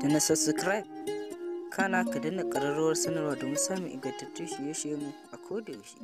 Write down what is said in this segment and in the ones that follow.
da na subscribe kana ka dana ƙararrawar sanarwa domin samun ingantattun shirye-shiryenmu a kodayaushe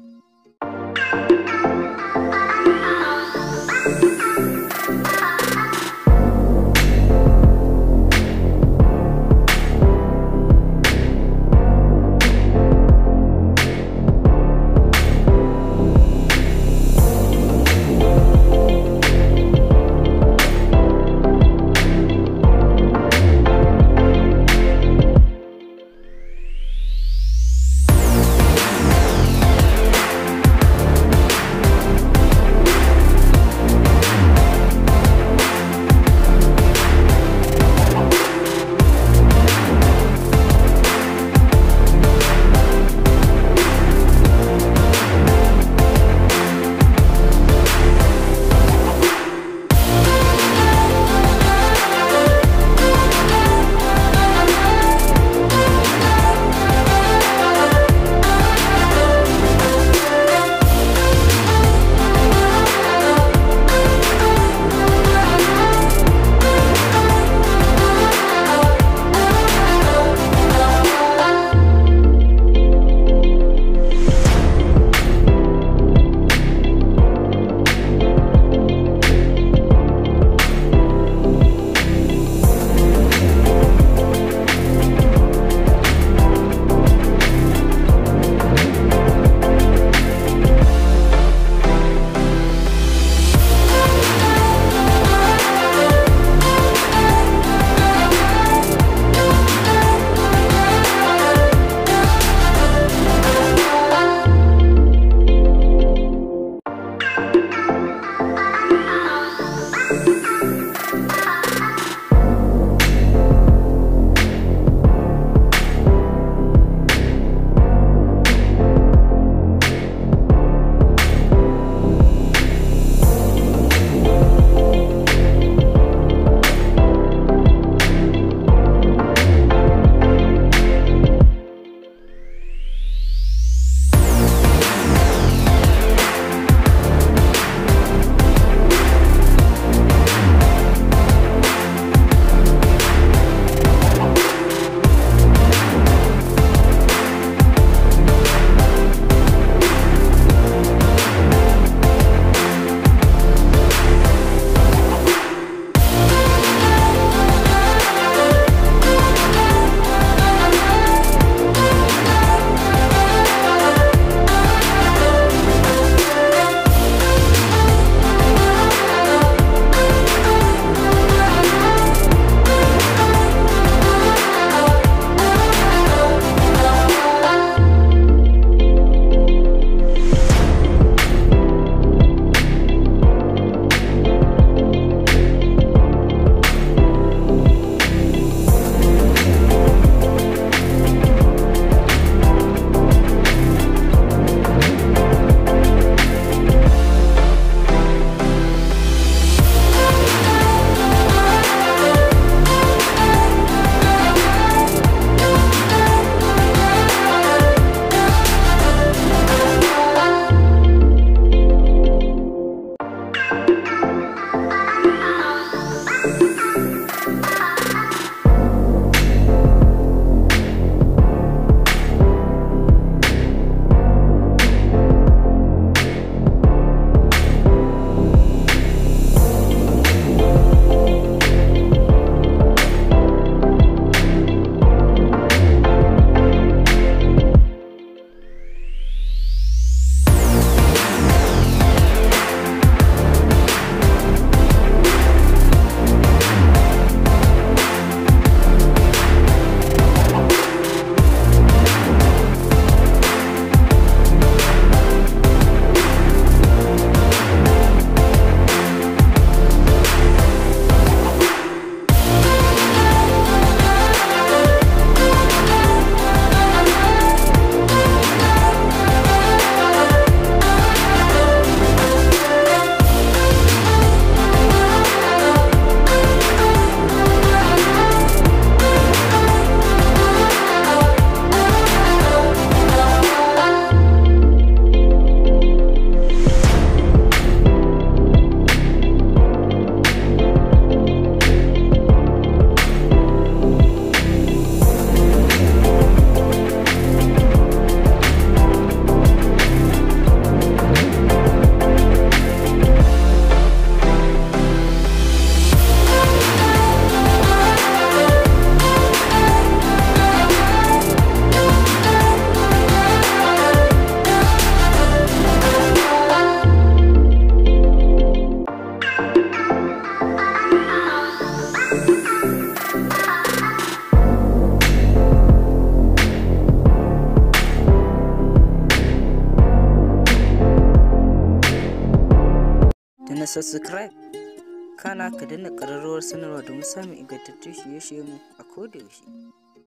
na subscribe kana ka dana ƙararrawar sanarwa domin samun ingantattun shirye-shiryenmu a kodayaushe